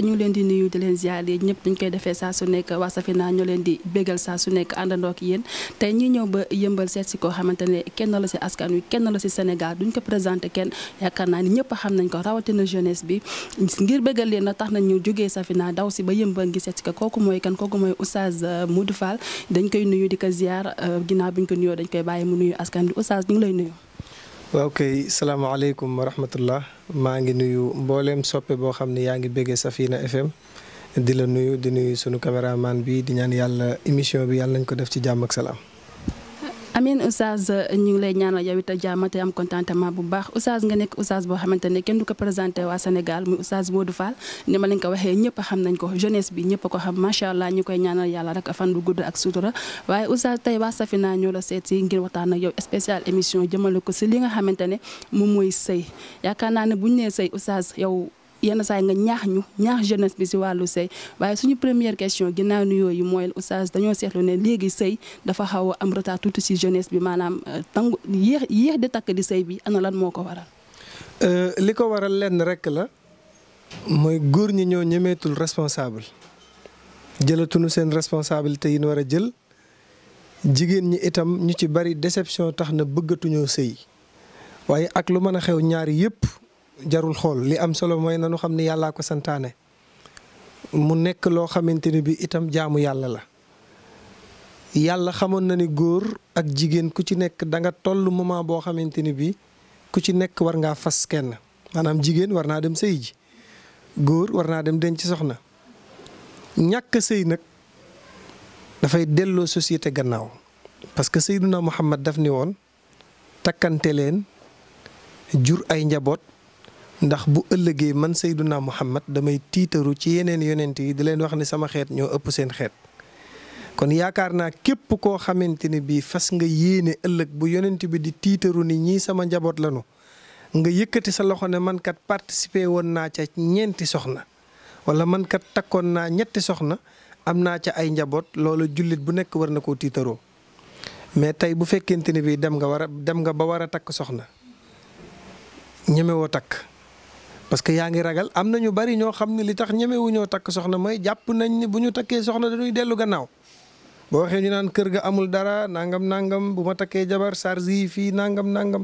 ñu ngi leen di nuyu di leen ziar yi ñëpp dañ koy defee saa su nekk waa Safina ñoo leen di bégal saa su nekk àndandoo ak yéen tey ñi ñëw ba yëmbal seet si koo xamante ne kenn la si askan wi kenn la si Sénégal duñ ko présenté kenn yaakaar naa ni ñëpp xam nañ ko rawatina jeunesse bi ngir bégal leen na tax nañ ñu jógee Safina daw si ba yëmbal ngi seet si ko kooku mooy kan kooku mooy Oustaz euh, Modou Fall dañ koy nuyu di ko ziar euh, ginnaaw bi ñu ko nuyoo dañ koy bàyyi mu nuyu askan bi Oustaz ñu ngi lay nuyu waaw kay salaamaaleykum wa rahmatullah maa ngi nuyu mboolem soppe boo xam ne yaa ngi béggee Safina FM di la nuyu di nuyu sunu caméraman bi di ñaan yàlla émission bi yàlla nañ ko def ci jàmm salaam. amiin oustaz ñu ngi lay ñaanal yow it a jàmm te am contentement bu baax oustaz nga nekk oustaz boo xamante ne kenn du ko présenté waa Sénégal muy oustaz Modou Fall ni ma leen ko waxee ñëpp xam nañ ko jeunesse bi ñëpp ko xam macha allah ñu koy ñaanal yàlla rek a bu gudd ak sutura waaye oustaz tey waa Safina ñoo la seet si ngir waxtaan ak yow ko si li nga xamante ne moom mooy sëy yaakaar naa ne bu ñu nee yenn saay nga ñaax ñu ñaax jeunesse bi si wàllu sëy waaye suñu première question ginaa nu yi mooy oustaz dañoo seetlu ne léegi sëy dafa xaw a am retard tuuti si jeunesse bi maanaam euh, tangu yéex yéex di takk di sëy bi ana lan moo ko waral. Euh, li ko waral lenn rek la mooy góor ñi ñoo ñemeetul responsable jëlatuñu seen responsabilité yi ñu war a jël jigéen ñi itam ñu ci bari déception tax na bëggatuñoo sëy waaye ak lu mën a xew ñaari yépp. jarul xool li am solo mooy nanu xam ne yàllaa ko santaane mu nekk loo xamante ni bi itam jaamu yàlla la yàlla xamoon na ni góor ak jigéen ku ci nekk danga nga toll moment boo xamante ni bi ku ci nekk war ngaa fas kenn maanaam jigéen war naa dem sëy ji góor war naa dem denc soxna ñàkk sëy nag dafay delloo société gannaaw parce que Seydina Muhammad daf ni woon takkante leen jur ay njaboot ndax bu ëllëgee man Seyduna Muhammad damay tiitaru ci yeneen yonent yi di leen wax ni sama xeet ñoo ëpp seen xeet kon yaakaar naa képp koo xamante ne bii fas nga yéene ëllëg bu yonent bi di tiitaru ni ñii sama njaboot lanu nga yëkkati sa loxo ne mankat kat woon naa ca ñeenti soxna wala mankat takkoon naa ñetti soxna am naa ca ay njaboot loolu jullit bu nekk war na koo tiitaroo mais tey bu fekkente ne bii dem nga war a dem nga ba war a takk soxna ñemewoo takk. parce que yaa ngi ragal am na ñu bari ñoo xam ne li tax ñemewu ñoo takk soxna mooy jàpp nañ ni bu ñu takkee soxna dañuy dellu gannaaw boo waxee ñu naan kër ga amul dara nangam nangam bu ma takkee jabar charge yi fii nangam nangam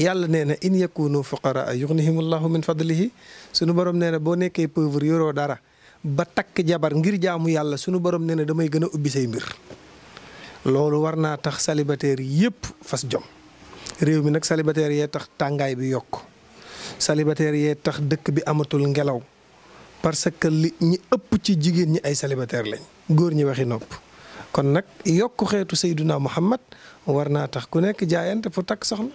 yàlla nee na in yakunu fuqaraa yughnihimullahu min fadlihi sunu borom nee boo nekkee pauvre yoroo dara ba takk jabar ngir jaamu yàlla sunu borom nee na damay gën a ubbi mbir loolu war naa tax célibataire yépp fas jom réew mi nag célibataire yee tax tàngaay bi yokk célibataire yee tax dëkk bi amatul ngelaw parce que li ñi ëpp ci jigéen ñi ay célibataire lañ góor ñi waxi nopp kon nag yokk xeetu Seyduna Muhammad war naa tax ku nekk jaayante pour takk soxna.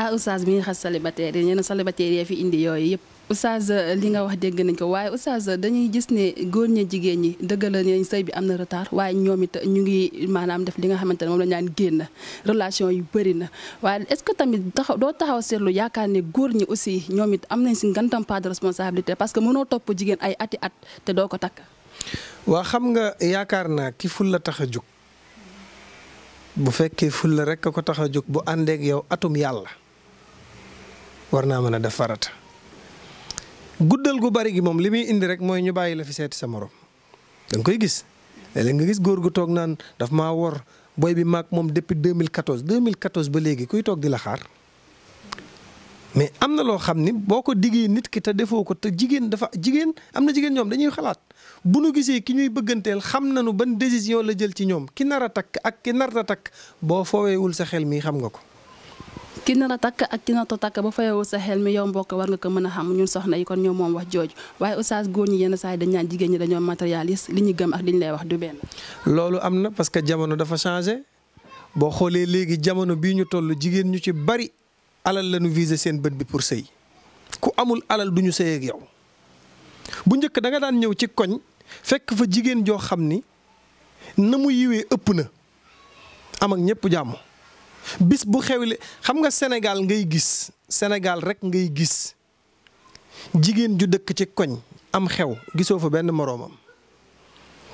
ah oustaz mi ngi xas célibataire yi ñenn célibataire yee fi indi yooyu yëpp. Oustaz li nga wax dégg nañ ko waaye Oustaz dañuy gis ne góor ñi jigéen ñi dëggala nañ say bi am na retard waaye ñoomit ñu ngi maanaam def li nga xamante ne moom la ñu génn relation yu bëri na waaye est-ce que tamit taxaw doo taxaw seetlu yaakaar ne góor ñi aussi ñoom it am nañ si ngantam part de responsabilité parce que mënoo topp jigéen ay ati at te doo ko takk. waa xam nga yaakaar naa ki ful la tax a jóg bu fekkee ful la rek ko tax a jóg bu àndeek yow atum yàlla war naa mën a def farata. guddal gu bari gi moom li muy indi rek mooy ñu bàyyi la fi seeti sa morom da nga koy gis léeg-léeg nga gis góor gu toog naan daf ma wor booy bi maak moom depuis 2014 2014 ba léegi kuy toog di la xaar mais am na loo xam ni boo ko diggee nit ki te defoo ko te jigéen dafa jigéen am na jigéen ñoom dañuy xalaat bu nu gisee ki ñuy bëgganteel xam na nañu ban décision la jël ci ñoom ki nar a takk ak ki narta takk boo fooweewul sa xel mi xam nga ko ki nar a takk ak ki nar a takk ba fayewul sa xel mi yow mbokk war nga ko mën a xam ñun soxna yi kon ñoom moom wax jooju waaye oustaz góor ñi yenn saa yi dañ naan jigéen ñi dañoo matérialiste li ñu gëm ak li ñu lay wax du benn. loolu am na parce que jamono dafa changé boo xoolee léegi jamono bii ñu toll jigéen ñu ci bari alal la ñu visé seen bët bi pour sëy ku amul alal du ñu sëy ak yow bu njëkk da nga daan ñëw ci koñ fekk fa jigéen joo xam ni na mu yiwee ëpp na am ñëpp jàmm. bis bu xewle xam nga Sénégal ngay gis Sénégal rek ngay gis jigéen ju dëkk ci koñ am xew gisoo fa benn moroomam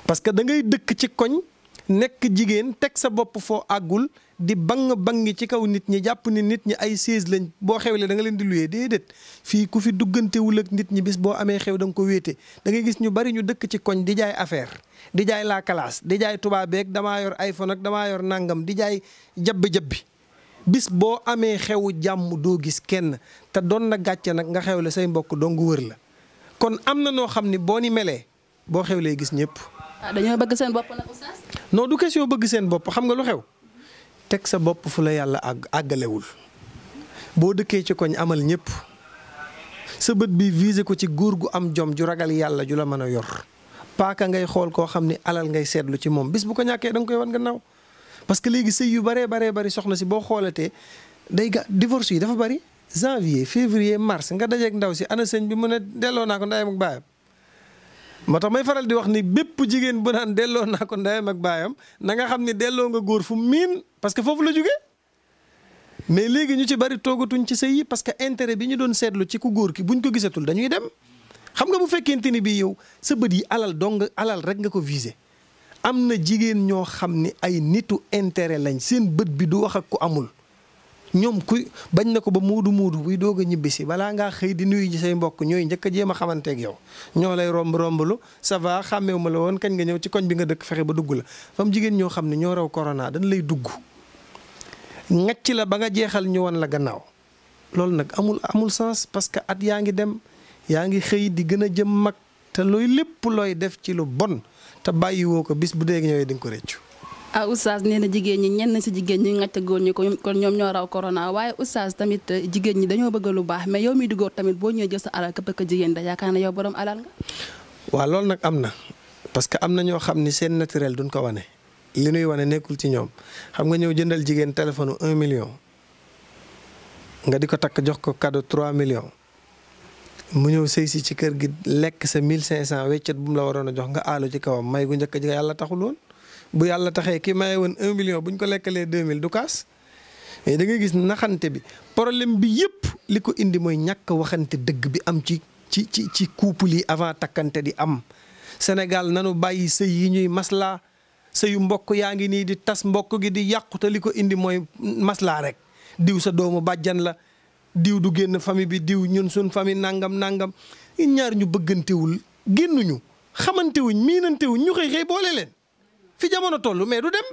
parce que da ngay dëkk ci koñ. nekk jigéen teg sa bopp foo àggul di bang bangi ci kaw nit ñi jàpp ni nit ñi ay chaise lañ boo xewlee da nga leen di luyee déedéet fii ku fi duggantewul ak nit ñi bis boo amee xew da ko wéete da gis ñu bari ñu dëkk ci koñ di jaay affaire di jaay la classe di jaay tubaabeeg damaa yor iPhone ak damaa yor nangam di jaay jabbi-jabbi bis boo amee xewu jàmm doo gis kenn te doon na gàcce nag nga xew xewle say mbokk dong wër la kon am na noo xam ni boo ni melee boo xewlee gis ñëpp Ah, dañoo bëgg seen bopp nag du question bëgg seen bopp xam nga lu xew teg sa bopp fu la yàlla àgg àggalewul boo dëkkee ci koñ amal ñëpp sa bët bi visé ko ci góor gu am jom ju ragal yàlla ju la mën a yor paaka ngay xool koo xam ni alal ngay seetlu ci moom bis bu ko ñàkkee da nga koy wan gannaaw parce que léegi sëy yu baree baree bari soxna si boo xoolatee day ga divorce yi dafa bari janvier février mars nga dajeek ndaw si ana sëñ bi mu ne delloo naa ko ndeyam ak baayam moo tax may faral di wax ni bépp jigéen bu naan delloo naa ko ndeyam ak baayam nanga nga xam ni delloo nga góor fu miin parce que foofu la jógee mais léegi ñu ci bari toogatuñ ci sëy yi parce que intérêt bi ñu doon seetlu ci ku góor ki buñ ko gisatul dañuy dem xam nga bu fekkente ni bii yow sa bët yi alal dong alal rek nga ko visé am na jigéen ñoo xam ni ay nitu intérêt lañ seen bët bi du wax ak ku amul ñoom ku bañ na ko ba muudu muudu wuy doog a ñibbisi balaa ngaa xëy di nuyu ji say mbokk ñooy njëkk a jéem a xamanteeg yow ñoo lay romb rombalu ça va xàmmeewu ma la woon kañ nga ñëw ci koñ bi nga dëkk fexe ba dugg la fam jigéen ñoo xam ne ñoo rew koronaa dañ lay dugg ngacc la ba nga jeexal ñu wan la gannaaw loolu nag amul amul sens parce que at yaa ngi dem yaa ngi xëy di gën a jëm mag te looy lépp looy def ci lu bon te bàyyiwoo ko bis bu dee ñëwee di ko réccu ah oustaz neena jigeen ñi ñen ci jigeen ñi ngacc goor ñi kon ñom ñoo raw corona waye oustaz tamit eh, jigeen ñi dañoo bëgg lu baax mais yow mi du goor tamit bo ñëw jëss sa alal képp ko jigéen da yaaka na yow borom alal nga. wa lool nak amna parce que amna na ñoo xam seen naturel duñ ko wané li nuy wané nekkul ci ñom xam nga ñëw jëndal jigeen téléphone 1 million nga diko tak jox ko cadeau 3 millions mu ñëw sey ci ci kër gi lek sa 1500 wéccat bu mu la warona jox nga aalu ci kawam may gu njëkk ji yàlla taxul woon bu yàlla taxee ki maye woon un million bu ñu ko lekkalee deux mille du kaas mais da ngay gis naxante bi problème bi yëpp li ko indi mooy ñàkk waxante dëgg bi am ci ci ci ci couple yi avant takkante di am Sénégal nanu bàyyi sëy yi ñuy maslaa sëyu mbokk yaa ngi nii di tas mbokk gi di yàqu li ko indi mooy maslaa rek diw sa doomu bàjjan la diw du génn famille bi diw ñun suñ famille nangam nangam ñaar ñu bëggantewul génnuñu xamantewuñ miinantewuñ ñu xëy xëy boole leen fi jamono toll mais du dem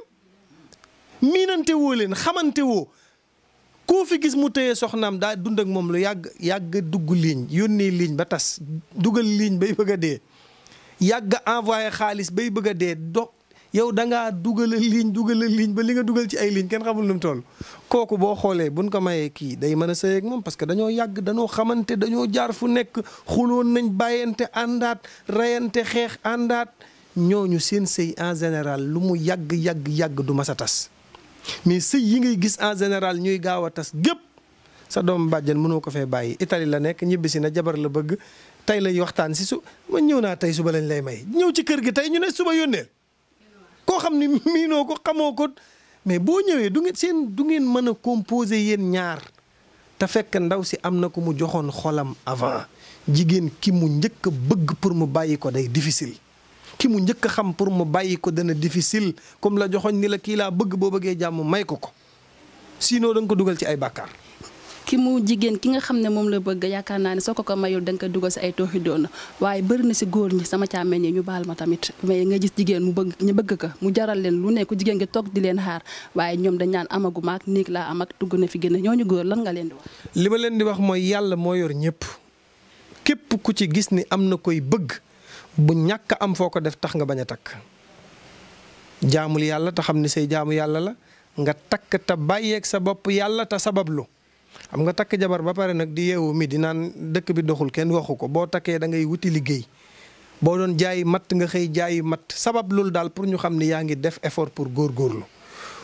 miinante woo leen xamante woo koo fi gis mu téye soxnaam daa dund ak moom lu yàgg yàgg dugg ligne yónnee liiñ ba tas dugal ligne bay bëgg dee yàgg envoyé xaalis bay bëgg dee do yow da ngaa dugal a ligne dugal a ligne ba li nga dugal ci ay ligne kenn xamul lu mu toll. kooku boo xoolee buñ ko mayee kii day mën a sëy ak moom parce que dañoo yàgg dañoo xamante dañoo jaar fu nekk xuloon nañ bàyyante àndaat rayante xeex àndaat. ñooñu seen sëy en général lu mu yàgg yàgg yàgg du mas a tas mais sëy yi ngay gis en général ñuy gaaw a tas gépp sa doom bàjjan mënoo ko fee bàyyi itali la nekk ñibbisi na jabar la bëgg tey lay waxtaan si su ma ñëw naa tey suba lañ lay may ñëw ci kër gi tey ñu ne suba yónneel koo xam ni miinoo ko xamoo ko mais boo ñëwee du ngeen seen du ngeen mën a composer yéen ñaar te fekk ndaw si am na ko mu joxoon xolam avant jigéen ki mu njëkk bëgg pour mu bàyyi ko day difficile ki mu njëkk xam pour mu bàyyi ko dana difficile comme la joxoñ ni la kii laa bëgg boo bëggee jàmm may ko ko sinon da nga ko dugal ci ay bàkkaar. ki mu jigéen ki nga xam ne moom la bëgg yaakaar naa ne soo ko ko mayul da nga ko dugal si ay tooxi na waaye bëri na si góor ñi sama càmmeñ ñu baal ma tamit mais nga gis jigéen mu bëgg ñu bëgg ka mu jaral leen lu ne ku jigéen nga toog di leen xaar waaye ñoom dañ naan amagu maak néeg laa am ak dugg na fi gën a ñooñu góor lan leen di li ma leen di wax mooy yàlla moo yor ñëpp ku ci gis ni am na koy bëgg bu ñàkk am foo ko def tax nga bañ a takk jaamul yàlla te xam ne say jaamu yàlla la nga takk te bàyyeek sa bopp yàlla te sabablu xam nga takk jabar ba pare nag di yeewu mi di naan dëkk bi doxul kenn waxu ko boo takkee da ngay wuti liggéey boo doon jaayi matt nga xëy jaayi matt sabablul daal pour ñu xam ne yaa ngi def effort pour góor góorlu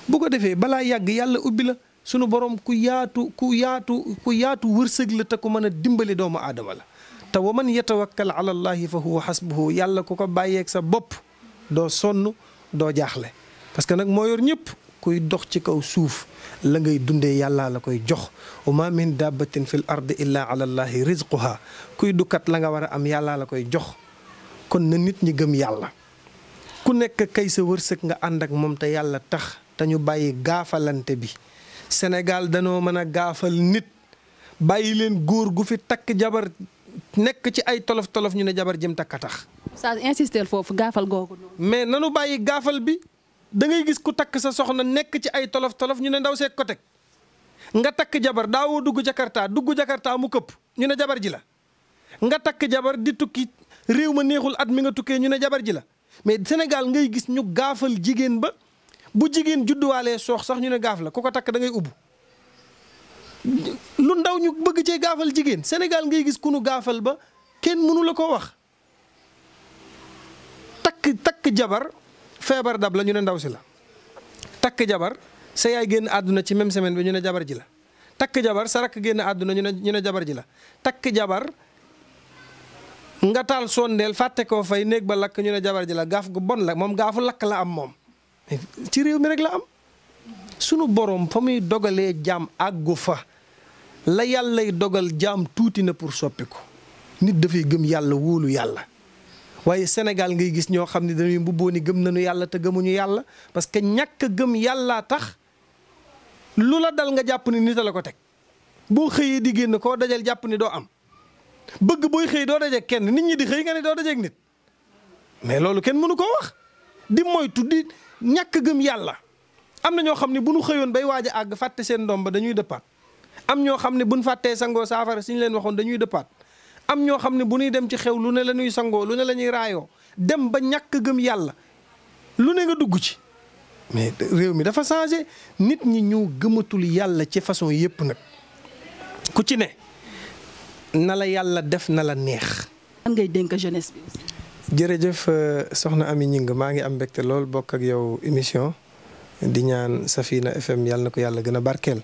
bu ko defee balaa yàgg yàlla ubbi la sunu borom ku yaatu ku yaatu ku yaatu wërsëg la te ku mën a dimbali doomu aadama la te wa man yatawakkal ala allahi fa huwa xasbuhu yàlla ku ko bàyyeek sa bopp doo sonn doo jaaxle parce que nag moo yor ñëpp kuy dox ci kaw suuf la ngay dundee yàlla la koy jox wa ma min dabbatin fil ardi illa ala allahi rizquha kuy dukkat la nga war a am yàlla la koy jox kon na nit ñi gëm yàlla ku nekk kay sa wërsëg nga ànd ak moom te yàlla tax te ñu bàyyi gaafalante bi senegal danoo mën a gaafal nit bàyyi leen góor gu fi takk jabar nekk ci ay tolof tolof ñu ne jabar jëm takka tax. saa insister foofu gaafal googu noonu. mais nanu bàyyi gaafal bi da ngay gis ku takk sa soxna nekk ci ay tolof tolof ñu ne ndaw see ko teg nga takk jabar daawoo dugg jakarta dugg jakarta mu këpp ñu ne jabar ji la. nga takk jabar di tukki réew ma neexul at mi nga tukkee ñu ne jabar ji la mais Sénégal ngay gis ñu gaafal jigéen ba bu jigéen judduwaalee soox sax ñu ne gaaf la ku ko takk da ngay ubbu. lu ndaw ñu bëgg cee gaafal jigéen senegal ngay gis kunu gaafal ba kenn mënu la ko wax takk takk jabar feebar dab la ñu ne ndaw si la takk jabar sa génn àdduna ci même semaine bi ne jabar ji la takk jabar sa rakk génn àdduna ñu ne ñu jabar ji la takk jabar nga taal sondeel fàtte koo fay néeg ba lakk ñu ne jabar ji la gaaf gu bon la moom gaafu lakk la am moom ci réew mi rek la am sunu boroom fa muy dogalee jaam àggu fa la yàllay dogal jaam tuuti na pour soppi ko nit dafay gëm yàlla wóolu yàlla waaye senegal ngay gis ñoo xam ne dañuy mbubboo ni gëm nañu yàlla te gëmuñu yàlla parce que ñàkk gëm yàllaa tax lu la dal nga jàpp ni nit a la ko teg boo xëyee di génn koo dajal jàpp ni doo am bëgg booy xëy doo dajeeg kenn nit ñi di xëy nga ne doo dajeeg nit mais loolu kenn mënu koo wax di moytu di ñàkk gëm yàlla am na ñoo xam ne bu nu xëyoon bay waaj àgg fàtte seen doom ba dañuy dëppaat am ñoo xam ne buñ fàttee sangoo saafara si ñu leen waxoon dañuy dëppaat am ñoo xam ne bu ñuy dem ci xew lu ne la ñuy sangoo lu ne la ñuy raayoo dem ba ñàkk gëm yàlla lu ne nga dugg ci mais réew mi dafa changé nit ñi ñoo gëmatul yàlla ci façon yépp nag ku ci ne na la yàlla def na la neex. lan ngay dénk jeunesse bi. jërëjëf euh, soxna Ami Ñing maa ngi am mbégte lool bokk ak yow émission di ñaan Safina FM yàlla ko yàlla gën a barkeel.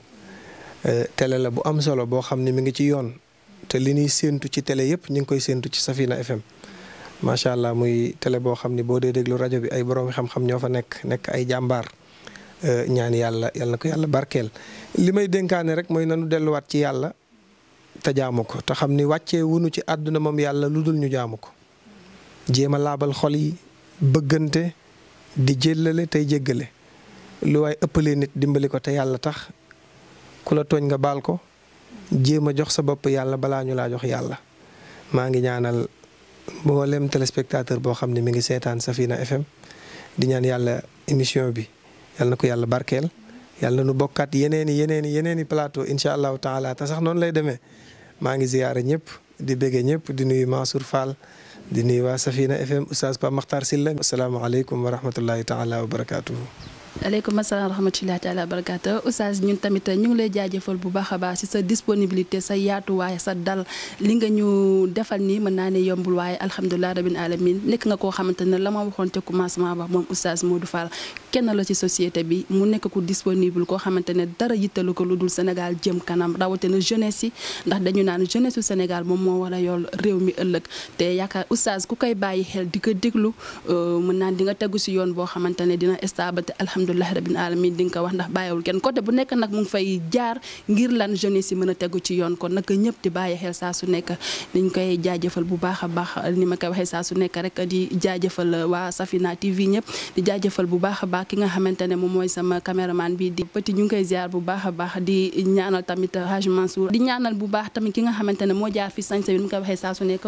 Euh, tele la bu am solo boo xam ne mu ngi ci yoon te li ñuy séentu ci télé yëpp ñu ngi koy séentu ci Safina FM macha allah muy télé boo xam ni boo dee déglu rajo bi ay borom xam-xam ñoo fa nekk nekk ay jàmbaar euh, ñaan yàlla yàlla ko yàlla barkeel. li may dénkaane rek mooy nanu delluwaat ci yàlla te jaamu ko te xam ni wàccee wunu ci àdduna moom yàlla lu dul ñu jaamu ko jéem a laabal xol yi bëggante di jéllale tey jéggale lu waaye ëppalee nit dimbali ko te yàlla tax. ku la tooñ nga baal ko jéem a jox sa bopp yàlla balaa ñu laa jox yàlla maa ngi ñaanal mboolem téléspectateur boo xam ne mi ngi seetaan Safina FM di ñaan yàlla émission bi yàlla na ko yàlla barkeel yàlla na nu bokkaat yeneen i yeneen yeneen i plateau incha allahu taala ta sax noonu lay demee maa ngi ziyaare ñëpp di bége ñëpp di nuyu maa Fall di nuy waa Safina FM Oustaz Pape Makhtar Sylla asalaamaaleykum wa rahmatullahi taala wa barakaatuhu aleykum asalaam rahmatullahi taala barakaatu oustaz ñun tamit ñu ngi lay jaajëfal bu baax a baax si sa disponibilité sa yaatuwaay sa dal li nga ñu defal ni mën naa ne yombul waaye alhamdulilah rabbil alamin nekk nga koo xamante ne la ma waxoon te commencement ba moom oustaz Modou Fall kenn la ci société bi mu nekk ku disponible koo xamante ne dara yittalu ko lu dul Sénégal jëm kanam na jeunesse yi ndax dañu naan jeunesse su Sénégal moom moo war a réew mi ëllëg te yaakaar oustaz ku koy bàyyi xel di ko déglu euh, mën naan di nga si yoon boo xamante ne dina stable alhamdulilah rabbil alamin di nga ko wax ndax bàyyiwul kenn côté bu nekk nag mu ngi fay jaar ngir lan jeunesse yi mën a tegu ci di bàyyi xel saa su koy a baax ni ma koy waxee saa su nekk rek di bu baax baax ki nga xamante ne moom mooy sama caméraman bi di petit ñu ngi koy ziar bu baax a baax di ñaanal tamit Haj Mansour di ñaanal bu baax tamit ki nga xamante ne moo jaar fi sañse bi ni ma koy waxee saa su euh,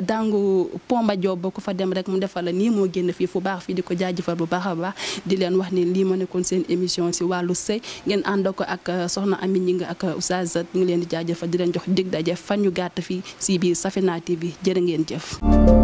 dangu Pomba Joob ku fa dem rek mu defal la nii moo génn fii fu baax fii di ko ko jaajëfal bu baax a baax di leen wax ni lii ma nekkoon seen émission si wàllu sëy ngeen ànd ko ak euh, soxna Amy Gningue ak euh, Oustaz ñu ngi leen di jaajëfal di leen jox dig daje fan ñu gàtt fi si biir Safina TV jërë ngeen jëf